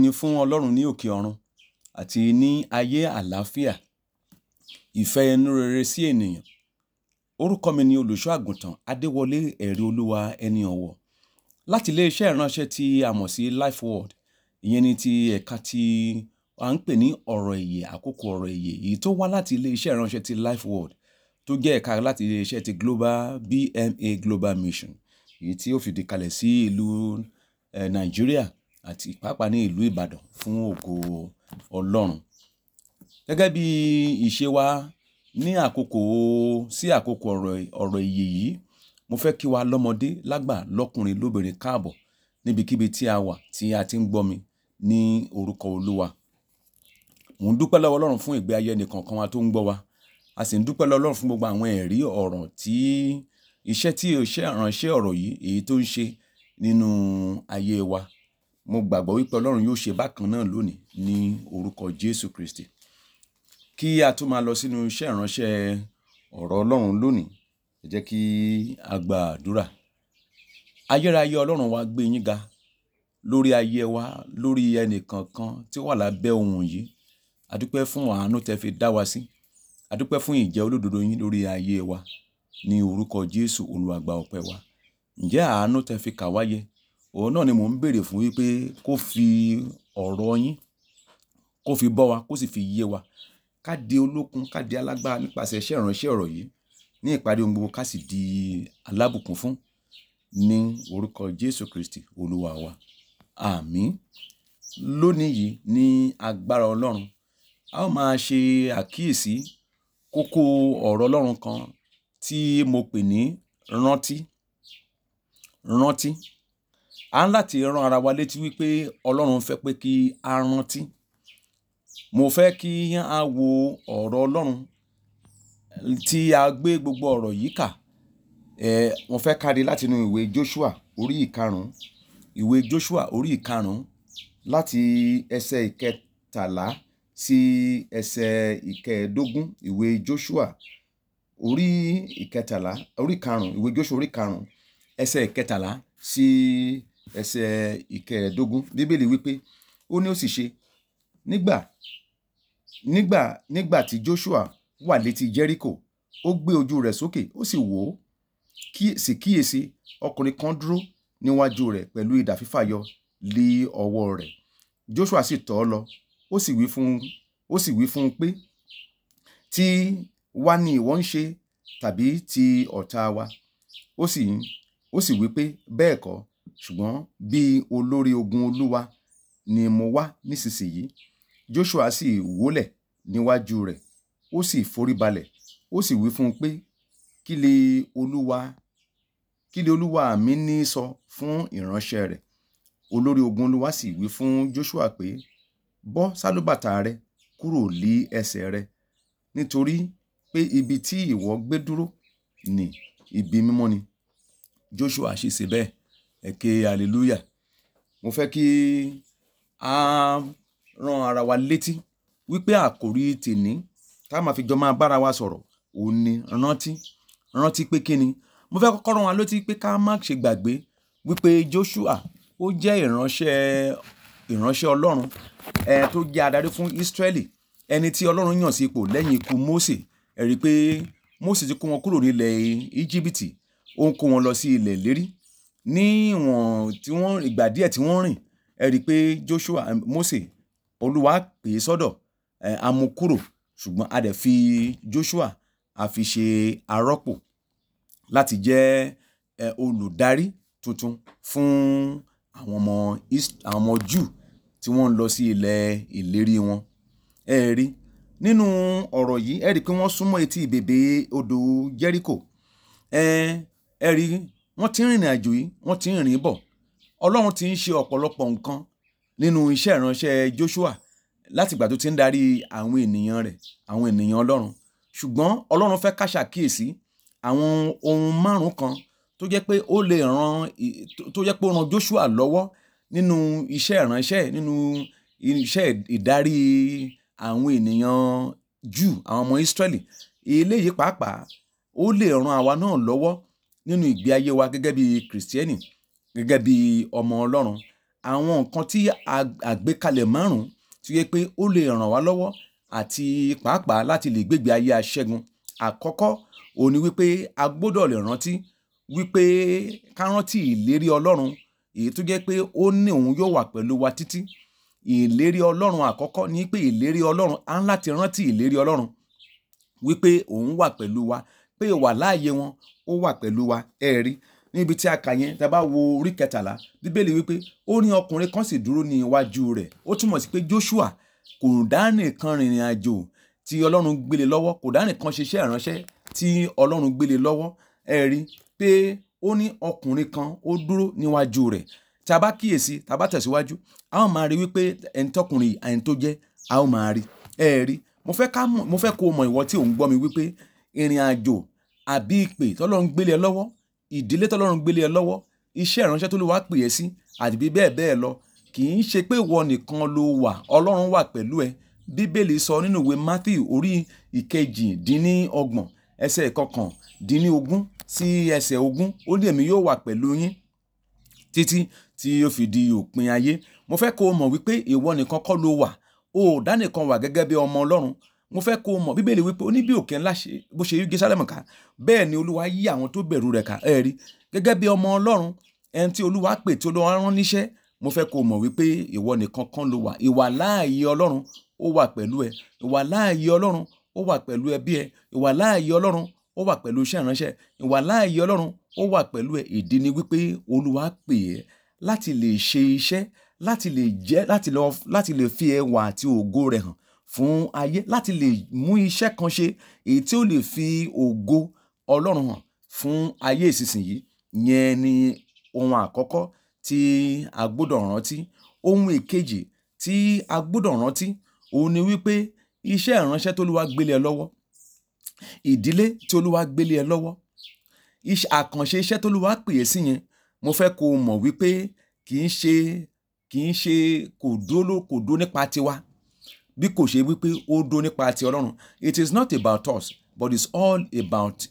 ni fún Ọlọ́run ní òkè ọ̀run àti ní ayé àlàáfíà ìfẹ́ inú rere sí ènìyàn orúkọ mi ni olùṣọ́ àgùntàn Adéwọlé ẹ̀rí olúwa ẹni ọ̀wọ̀ láti iléeṣẹ́ ìránṣẹ́ tí a mọ̀ sí Life Word ìyẹn ni ti ẹ̀ka tí a ń pè ní ọ̀rọ̀ ìyè àkókò ọ̀rọ̀ ìyè èyí tó wá láti iléeṣẹ́ ìránṣẹ́ ti Life Word tó jẹ́ ẹ̀ka láti iléeṣẹ́ ti Global BMA Global Mission èyí tí ó fìdí kalẹ̀ sí ìlú eh, Nàìjíríà àti pàápàá ní ìlú Ìbàdàn fún ògo Ọlọ́run. Gẹ́gẹ́ bí ìṣe wa ní àkókò sí àkókò ọ̀rọ̀ ọ̀rọ̀ yìí mo fẹ́ kí wa lọ́mọdé lágbà lọ́kùnrin lóbìnrin káàbọ̀ níbikíbi tí a wà tí a ti ń gbọ́ mi ní orúkọ Olúwa. Mò ń dúpẹ́ lọ́wọ́ Ọlọ́run fún ìgbé ayé ẹnìkọ̀ọ̀kan wa tó ń gbọ́ wa a sì ń dúpẹ́ lọ́wọ́ Ọlọ́run fún gbogbo àwọn ẹ̀rí ọ̀rọ̀ tí iṣẹ́ tí ìránṣẹ́ ọ̀rọ̀ yìí èyí tó ń ṣe nínú ayé wa mo gbàgbọ́ wípé ọlọ́run yóò ṣe bákan náà lónìí ní orúkọ jésù kristi kí a tó máa lọ sínú iṣẹ́ ìránṣẹ́ ọ̀rọ̀ ọlọ́run lónìí ẹ jẹ́ kí a gba àdúrà ayérayé ọlọ́run wa gbé yín ga lórí ayé wa lórí ẹnìkankan tí ó wà lábẹ́ ohun yìí adúpẹ́ fún àánú tẹ́ fi dá wa sí adúpẹ́ fún ìjẹ́ olódodo yín lórí ayé wa ní orúkọ jésù olùwàgbà ọpẹ́ wa ǹjẹ́ àánú tẹ́ fi kà wáyé Òun náà ni mò ń bèèrè fún wípé kó fi ọ̀rọ̀ yín, kó fi bọ́ wa, kó sì fi yé wa. Ká di olókun, ká di alágbára nípasẹ̀ iṣẹ́ ìránṣẹ́ ọ̀rọ̀ yìí. Ní ìparí ohun gbogbo ká sì di alábùkún fún. Ní orúkọ Jésù Kristi Olúwa wa. Àmín. Lónìí yìí ní agbára Ọlọ́run, a ó máa ṣe àkíyèsí kókó ọ̀rọ̀ Ọlọ́run kan tí mo pè ní rántí, rántí a ń láti rán ara wa létí wípé Ọlọ́run fẹ́ pé kí a rántí mo fẹ́ kí a wo ọ̀rọ̀ Ọlọ́run tí a gbé gbogbo ọ̀rọ̀ yìí kà eh, mo fẹ́ kárí látinú ìwé Joshua orí ìkarùn-ún ìwé Joshua orí ìkarùn-ún láti ẹsẹ̀ ìkẹtàlá sí ẹsẹ̀ ìkẹẹ̀dógún ìwé Joshua orí ìkẹtàlá orí karùn-ún ìwé Joshua orí karùn-ún ẹsẹ̀ ìkẹtàlá sí ẹsẹ̀ ìkẹẹ̀ẹ́dógún bíbélì wípé ó ní ó sì ṣe nígbà nígbà nígbà tí Joshua wà létí Jericho ó gbé ojú rẹ̀ sókè ó sì wò ó sì kíyèsí ọkùnrin kan dúró níwájú rẹ̀ pẹ̀lú idà fífàyọ lé ọwọ́ rẹ̀ Joshua sì tọ̀ ọ́ lọ ó sì wí fún ó sì wí fún un pé tí wá ni ìwọ ń ṣe tàbí ti ọ̀tá wa ó sì ó sì wí pé bẹ́ẹ̀ kọ́ ṣùgbọ́n bíi olórí ogun olúwa ni mo wà nísinsìnyí joshua sì wólẹ̀ níwájú rẹ̀ ó sì foríbalẹ̀ ó sì wí fún un pé kí lè olúwa kí lè olúwa mi ní sọ fún ìránṣẹ́ rẹ̀ olórí ogun olúwa sì wí fún joshua pé bọ́ sálúbàtà rẹ kúrò lí ẹsẹ̀ rẹ nítorí pé ibi tí ìwọ gbé dúró ní ibi mímọ́ ni joshua ṣe ṣe bẹ́ẹ̀ ẹ hallelujah mo fẹ́ kí a rán ara wa létí wípé àkòrí tèní tá a máa fi jọ máa bára wa sọ̀rọ̀ òun ni rántí rántí pé kíni mo fẹ́ kọ́kọ́ rán wa létí pé ká má ṣe gbàgbé wípé Joshua ó jẹ́ ìránṣẹ́ ìránṣẹ́ Ọlọ́run ẹ tó jẹ́ adarí fún Ísírẹ́lì ẹni tí Ọlọ́run yàn sí ipò lẹ́yìn ikú Mósè ẹ rí i pé Mósè ti kó wọn kúrò nílẹ̀ Íjíbítì ó ń kó wọn lọ sí ilẹ̀ lérí ní ìwọ̀n tí wọ́n ìgbà díẹ̀ tí wọ́n rìn ẹ rí i pé Joshua Mósè Olúwa pè é sọ́dọ̀ a mú ṣùgbọ́n a dẹ̀ fi Joshua a fi ṣe arọ́pò láti jẹ́ olùdarí tuntun fún àwọn ọmọ àwọn ọmọ Júù tí wọ́n ń lọ sí ilẹ̀ ìlérí wọn ẹ rí nínú ọ̀rọ̀ yìí ẹ rí i pé wọ́n súnmọ́ etí bèbè odò Jẹ́ríkò ẹ ẹ rí wọ́n ti ń rìnrìn àjò yìí wọ́n ti ń rìn bọ̀ ọlọ́run ti ń ṣe ọ̀pọ̀lọpọ̀ nǹkan nínú iṣẹ́ ìránṣẹ́ Joshua látìgbà tó ti ń darí àwọn ènìyàn rẹ̀ àwọn ènìyàn ọlọ́run ṣùgbọ́n ọlọ́run fẹ́ ká ṣàkíyèsí àwọn ohun márùn-ún kan tó jẹ́ pé ó lè ran tó jẹ́ pé ó ran Joshua lọ́wọ́ nínú iṣẹ́ ìránṣẹ́ nínú iṣẹ́ ìdarí àwọn ènìyàn Júù àwọn ọmọ Ísírẹ́lì eléyìí pàápàá ó lè ran àwa náà lọ́wọ́ nínú ìgbé ayé wa gẹ́gẹ́ bí Kristẹni gẹ́gẹ́ bí ọmọ Ọlọ́run àwọn nǹkan tí àgbékalẹ̀ márùn-ún tí ó yẹ pé ó lè ràn wá lọ́wọ́ àti pàápàá láti lè gbégbé ayé aṣẹ́gun àkọ́kọ́ òun ni wípé a gbọ́dọ̀ lè rántí wípé ká rántí ìlérí Ọlọ́run èyí tó jẹ́ pé ó ní òun yóò wà pẹ̀lú wa títí ìlérí Ọlọ́run àkọ́kọ́ ni pé ìlérí Ọlọ́run á ń láti rántí ìlérí Ọlọ́run wípé òun wà pẹ̀lú wa pé ìwà láàyè wọn ó wà pẹ̀lú wa ẹ rí níbi tí a kà yẹn tá a bá wo orí kẹtàlá bíbélì wípé ó ní ọkùnrin kan sì dúró ní iwájú rẹ̀ ó túmọ̀ sí pé Joshua kò dánìkan rìnrìn àjò tí Ọlọ́run gbélé lọ́wọ́ kò dánìkan ṣiṣẹ́ ìránṣẹ́ tí Ọlọ́run gbélé lọ́wọ́ ẹ rí pé ó ní ọkùnrin kan ó dúró níwájú rẹ̀ tá a bá kíyèsí tá a bá tẹ̀síwájú a ó máa rí wípé ẹni tọkùnrin ẹni tó jẹ́ a ó máa rí ẹ rí mo fẹ́ kó mọ̀ ìwọ tí ò gbọ́ mi wípé ìrìn àjò àbí ìpè tọ́lọ́run gbélé ẹ lọ́wọ́ ìdílé tọ́lọ́run gbélé ẹ lọ́wọ́ iṣẹ́ ìránṣẹ́ tó lè wá pè ẹ́ sí àdìbí bẹ́ẹ̀ bẹ́ẹ̀ lọ kì í ṣe pé ìwọ nìkan ló wà ọlọ́run wà pẹ̀lú ẹ bíbélì sọ nínú ìwé matthew orí ìkejì dín ní ọgbọ̀n ẹsẹ̀ ìkọkàn dín ní ogún sí ẹsẹ̀ ogún ó ní èmi yóò wà pẹ̀lú yín títí tí ó fi di òpin ayé mo fẹ́ kó o mọ̀ wípé ìwọ nìkan kọ́ ló wà o ò dá nìkan wà gẹ́gẹ́ bí ọmọ ọlọ́run mo fẹ́ kó o mọ̀ bíbélì wípé ó ní bí òkè ńlá bó ṣe yí Jerúsálẹ́mù ká bẹ́ẹ̀ ni olúwa yí àwọn tó bẹ̀rù rẹ̀ ká ẹ̀ rí gẹ́gẹ́ bí ọmọ ọlọ́run ẹni tí olúwa pè tí olúwa rán níṣẹ́ mo fẹ́ kó o mọ̀ wípé ìwọ nìkan kan ló wà ìwà láàyè ọlọ́run ó wà pẹ̀lú ẹ ìwà láàyè ọlọ́run ó wà pẹ̀lú ẹbí ẹ ìwà láàyè ọlọ́run ó wà pẹ̀lú iṣẹ́ ìránṣẹ́ ìwà láàyè ọlọ́run ó wà pẹ̀lú ẹ ìdí ni wípé olúwa pè ẹ́ láti lè ṣe iṣẹ́ láti lè jẹ́ láti lè fi ẹwà àti ògo rẹ̀ hàn fún ayé láti lè mú iṣẹ́ kan ṣe èyí tí ó lè fi ògo Ọlọ́run hàn fún ayé ìsinsìnyí yẹn ni ohun àkọ́kọ́ tí a gbọ́dọ̀ rántí ohun èkejì tí a gbọ́dọ̀ rántí òun ni wípé iṣẹ́ ìránṣẹ́ t'Olúwa gbélé ẹ lọ́wọ́ ìdílé tí Olúwa gbélé ẹ lọ́wọ́ àkànṣe iṣẹ́ t'Olúwa pè é sí yẹn mo fẹ́ kó o mọ̀ wípé kì í ṣe kì í ṣe kò dó nípa tiwa bí kò ṣe wípé ó dó nípa ti ọlọ́run it is not about us but it's all about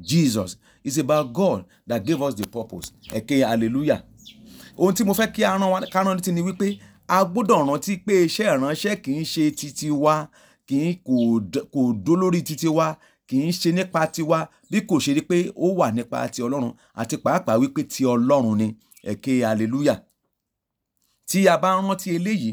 Jesus it's about God that gave us the purpose ẹ̀kẹ́ hallelujah ohun tí mo fẹ́ kí a rán ti ni wípé a gbọ́dọ̀ rántí pé iṣẹ́ ìránṣẹ́ kì í ṣe titi wa kì í kò dó lórí titi wa kì í ṣe nípa tiwa bí kò ṣe rí pé ó wà nípa ti ọlọ́run àti pàápàá wípé ti ọlọ́run ni ẹ̀kẹ́ hallelujah tí a bá rántí eléyìí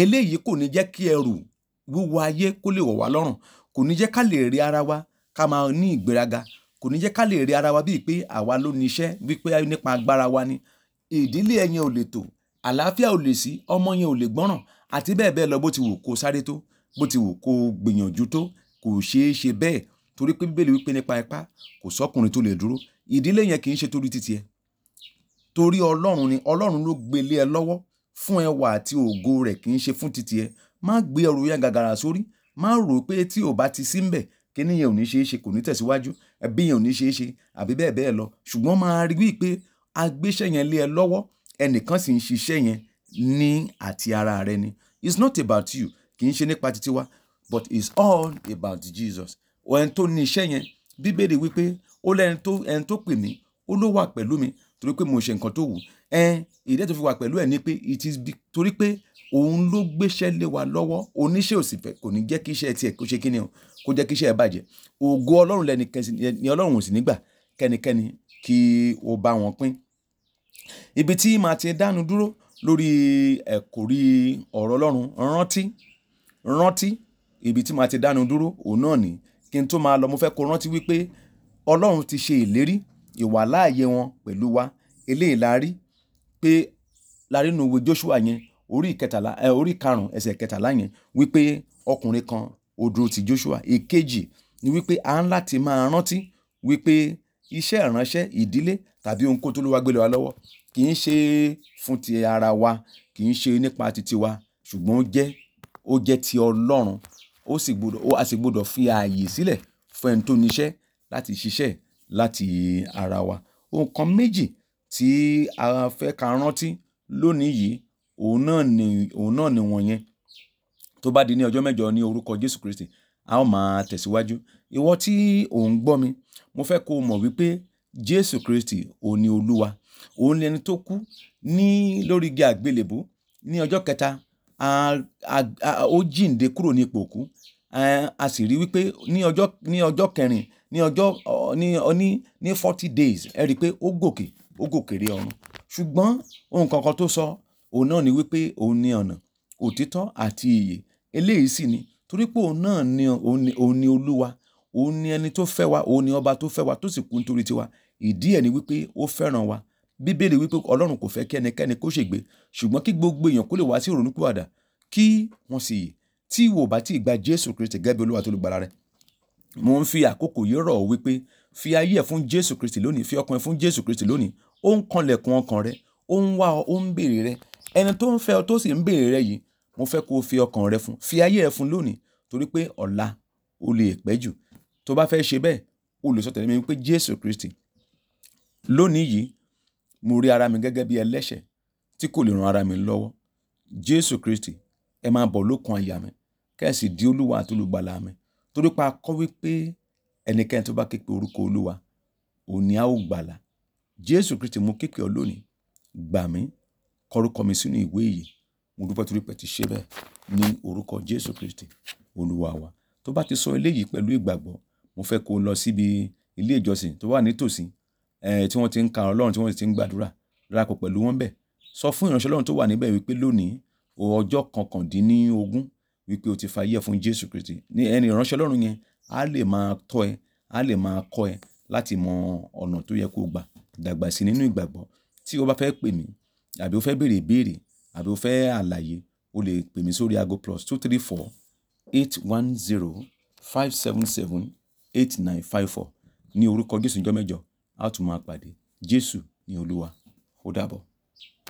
eléyìí kò ní jẹ́ kí ẹrù wíwo ayé kó lè wọ̀ wá lọ́rùn kò ní jẹ́ ká lè rí ara wa ká máa ní ìgbéraga kò ní jẹ́ ká lè rí ara wa bíi pé àwa ló ní iṣẹ́ wípé nípa agbára wa ni ìdílé ẹ̀yẹn ò lè tò àlàáfíà ò lè sí ọmọ yẹn ò lè gbọ́ràn àti bẹ́ẹ̀ bẹ́ẹ̀ lọ bó ti wù kó sáré tó bó ti wù kó gbìyànjú tó kò ṣeé ṣe bẹ́ẹ̀ torí pé bíbélì wípé nípa ipá kò sọ́kùnrin tó lè dúró ìdílé yẹn kì í ṣe torí títì ẹ torí ọlọ́run ni ọlọ́run ló gbélé ẹ lọ́wọ́ fún ẹwà àti ògo rẹ̀ kì í ṣe fún titi ẹ má gbé ẹrù yẹn gàgàrà sórí má rò pé tí ò bá ti sí ń bẹ̀ kíní yẹn ò ní ṣeé ṣe kò ní tẹ̀síwájú ẹbí yẹn ò ní ṣeé ṣe àbí bẹ́ẹ̀ bẹ́ẹ̀ lọ ṣùgbọ́n máa rí wípé agbéṣẹ́ yẹn lé ẹ lọ́wọ́ ẹnìkan sì ń ṣiṣẹ́ yẹn ní àti ara rẹ ni it's not about you kì í ṣe nípa titi wa but it's all about Jesus ẹni tó ní iṣẹ́ yẹn bíbélì wípé ó lẹ́ni tó ẹni tó pè mí ó ló wà pẹ̀lú mi torí pé mo ṣe nǹkan tó wù ẹ ìdí tó fi wà pẹ̀lú ẹ̀ ni pé it is be torí pé òun ló gbéṣẹ́ lé wa lọ́wọ́ oníṣẹ́ òsì fẹ́ kò ní jẹ́ kí iṣẹ́ tiẹ̀ kó ṣe kí ni o kó jẹ́ kí iṣẹ́ ẹ bàjẹ́ ògo ọlọ́run lẹ́nikẹ́ni ni ọlọ́run ò sì nígbà kẹ́nikẹ́ni kí o bá wọn pín ibi tí màá ti dánu dúró lórí ẹ̀kọ́rí ọ̀rọ̀ ọlọ́run rántí rántí ibi tí màá ti dánu dúró òun náà ni kí n tó máa lọ mo fẹ́ kó rántí wípé ọlọ́run ti ṣe ìlérí ìwàláàyè wọn pẹ̀lú wa eléyìí la rí pé larínú ìwé Joshua yẹn orí ìkẹtàlá ẹ orí karùn ẹsẹ̀ kẹtàlá yẹn wípé ọkùnrin kan ó ti Joshua èkejì ni wípé à ń láti máa rántí wípé iṣẹ́ ìránṣẹ́ ìdílé tàbí ohun kó tó ló wá gbélé wa lọ́wọ́ kì í ṣe fún ti ara wa kì í ṣe nípa titi wa ṣùgbọ́n ó jẹ́ ó jẹ́ ti Ọlọ́run ó sì gbọ́dọ̀ ó a sì gbọ́dọ̀ fi ààyè sílẹ̀ fún ẹni tó níṣẹ́ láti ṣiṣẹ́ láti ara wa ohun kan méjì tí a fẹ́ ka rántí lónìí yìí, òun náà ni, òun náà ni wọ̀nyẹn. Tó bá di ní ọjọ́ mẹ́jọ ní orúkọ Jésù Kristi, a ó máa tẹ̀síwájú. Ìwọ tí ò ń gbọ́ mi, mo fẹ́ kó mọ̀ wípé Jésù Kristi òun ni Olúwa. Òun ni ẹni tó kú ní lórí igi àgbélébùú ní ọjọ́ kẹta. A, a, a, ó jíǹde kúrò ní ipò òkú. A sì rí wípé ní ọjọ́, ní ọjọ́ kẹrin, ní ọjọ́, ní, ní, ní forty days, ẹ rí i pé ó gòkè ó gòkèrè ọ̀run ṣùgbọ́n ohun kankan tó sọ òun náà ni wípé òun ni ọ̀nà òtítọ́ àti ìyè eléyìí sì ni torí pé òun náà ni òun ni olúwa òun ni ẹni tó fẹ́ wa òun ni ọba tó fẹ́ wa tó sì kú nítorí tiwa ìdí ẹ̀ ni wípé ó fẹ́ràn wa bíbélì wípé ọlọ́run kò fẹ́ kí ẹnikẹ́ni kó ṣègbé ṣùgbọ́n kí gbogbo èèyàn kó lè wá sí ìrònúpìwàdà kí wọ́n sì yè tí ìwọ bá tí gba jésù kristi gẹ́gẹ́ bí olúwa tó lùgbàlà rẹ̀ mo ń fi àkókò yìí rọ̀ wípé fi ayé ẹ̀ fún jésù kristi lónìí fi ọkàn ẹ̀ fún jésù kristi lónìí ó ń kanlẹ̀kùn ọkàn rẹ ó ń wá ọ ó ń béèrè rẹ ẹni tó ń fẹ́ ọ tó sì ń béèrè rẹ yìí mo fẹ́ kó o fi ọkàn rẹ fún fi ayé rẹ fún lónìí torí pé ọ̀la ó lè pẹ́ jù tó bá fẹ́ ṣe bẹ́ẹ̀ ó lè sọ tẹ̀lé mi pé jésù kristi lónìí yìí mo rí ara mi gẹ́gẹ́ bí ẹlẹ́ṣẹ̀ tí kò lè ran ara mi lọ́wọ́ jésù kristi ẹ máa bọ̀ lókun àyà mi kẹ́sì di olúwa àti olùgbàlà mi torí pa akọ́ wípé ẹnikẹ́ni tó bá képe orúkọ olúwa òun ni a ó gbàlà jésù kristi mo képe ọ lónìí gbà mí kọ mi sínú ìwé ìyè mo dúpẹ́ torí pé ti ṣe bẹ́ẹ̀ ní orúkọ jésù kristi olúwa wa tó bá ti sọ eléyìí pẹ̀lú ìgbàgbọ́ mo fẹ́ kó lọ síbi ilé ìjọsìn tó wà nítòsí tí wọ́n ti ń ka ọlọ́run tí wọ́n ti ń gbàdúrà rárá pẹ̀lú wọn bẹ́ẹ̀ sọ fún ìránṣẹ́ ọlọ́run tó wà níbẹ̀ wípé lónìí ọjọ́ kọkàndínlógún wípé o ti fa ayé fún jésù kristi ní ẹni ìránṣẹ́ ọlọ́run yẹn á lè máa tọ́ ẹ, á lè máa kọ́ ẹ láti mọ ọ̀nà tó yẹ kó gba dàgbà sí nínú ìgbàgbọ́. Tí o bá fẹ́ pè mí àbí o fẹ́ bèrè ìbéèrè àbí o fẹ́ àlàyé, o lè pè mí sórí ago plus two three four eight one zero five seven seven eight nine five four. Ní orúkọ Jésù níjọ́ mẹ́jọ, a tún máa pàdé. Jésù ni Olúwa. Ó dàbọ̀.